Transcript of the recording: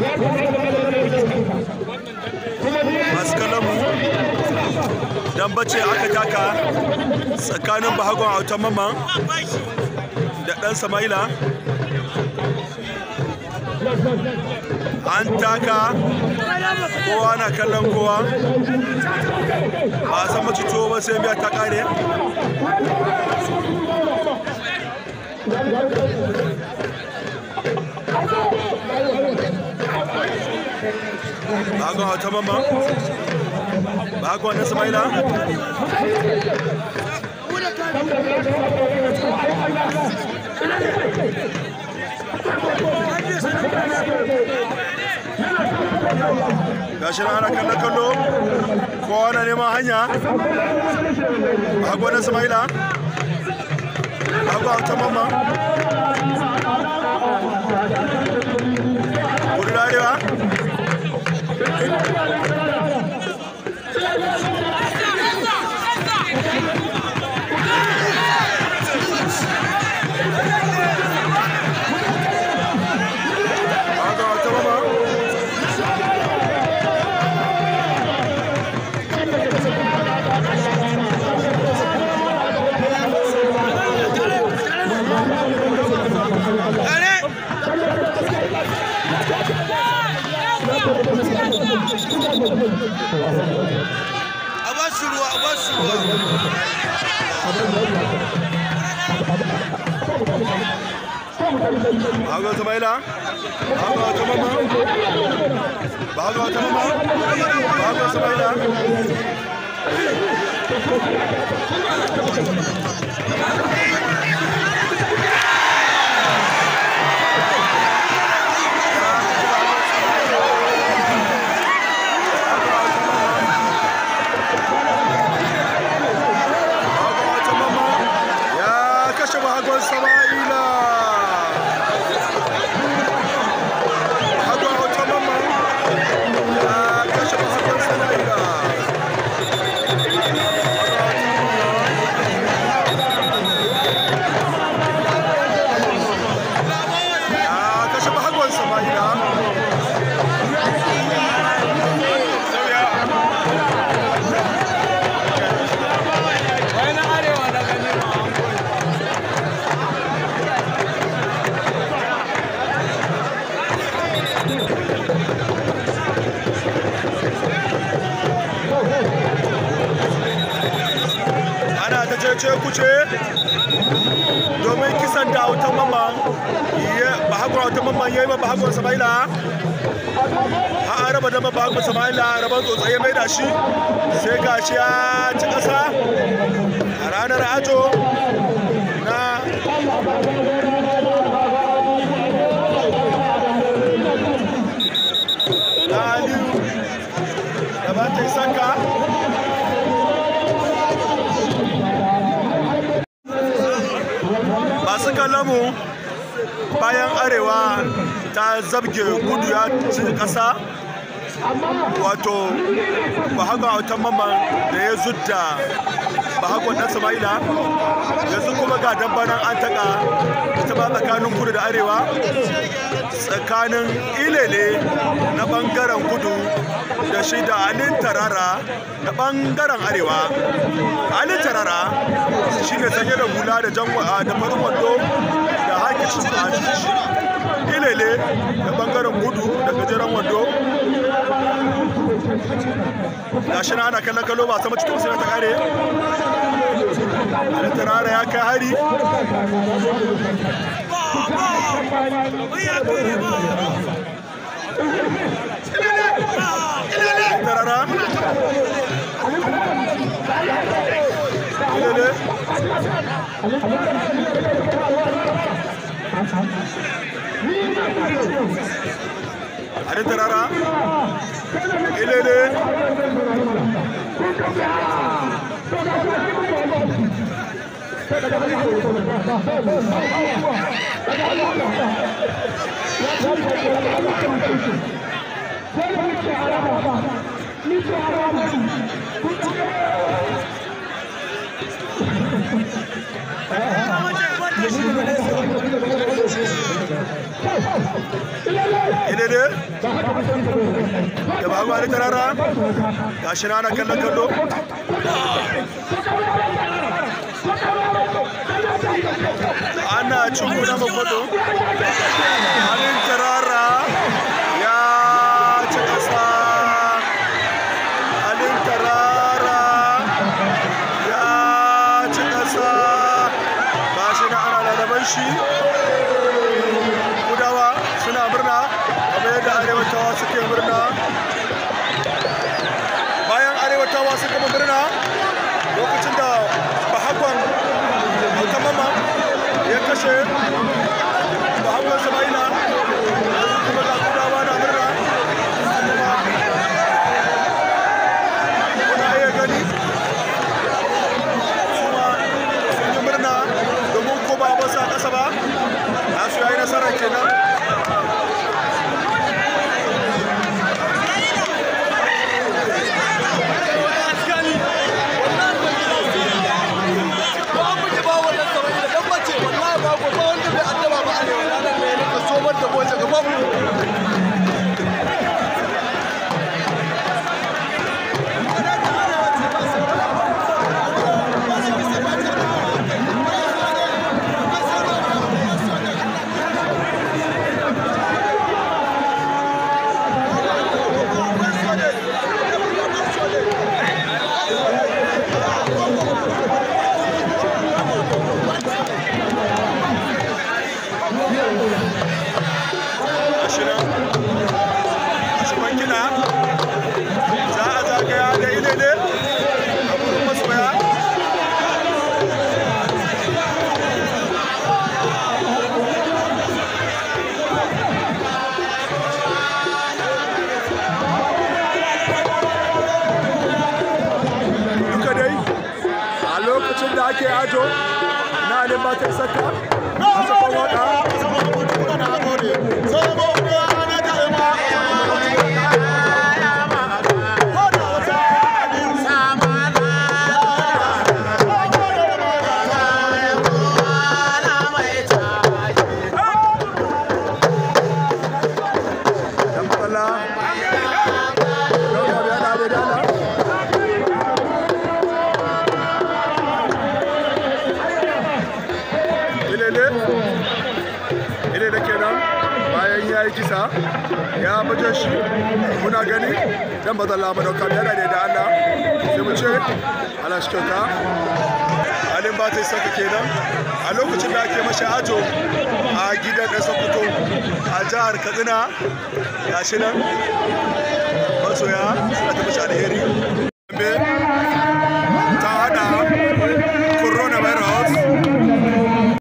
masu kalamu dan bace aka taka tsakanin bahagon autan mamman da dan samaila an taka kowa na kallon kowa ba a san mace ciwo ba sai biya ta kare bakon ba? Bago bakon nasa samaila gashi na ana na kallo ko na neman hanya bago na samaila a ta mamma a ba shi ruwa cece kuce domin kisan da autan mamman ba haƙura wata mamman ya yi ba ba samaila a araba da ba haƙura samaila rabar tsotsaye mai da shi sai ga shi ya ci ƙasa a ranar ajo na Aliyu da ba ta yi saka kallonmu bayan arewa ta zabge gudu ya ci ƙasa wato ba haka mamman da ya zudda hakon na samaila yanzu kuma ga dabbanan an taka ita ba tsakanin kudu da arewa tsakanin ilele na bangaren kudu da shi da alin tarara na bangaren arewa alin tarara shi ne sanye da hula da janwa da farin wando da su a ilele da bangaren kudu da gajeren wando shi na ana kallon kallo ba sama cikin sai ta kare Ali Tarara ya kai hari. Tarara. Ilele. idade da ba kallon kallo mtazamo moto hannun tarara ya ci kasa hannun tarara ya ci kasa ba shi na ana lalaban shi gudawa suna murna kamar yadda arewatawa suke murna bayan arewatawa suka birna. kashe da hagu zama ila बात है ele ele da kenan bayan ya yi kisa ya baje shi muna gani dan ba zalla mu dauka daga da Allah sai mu ce Allah ba ta saka kenan a lokacin da ake masa ajo a gidan ɗan sokoto a jihar katsina gashi nan masoya suna ta mashi alheri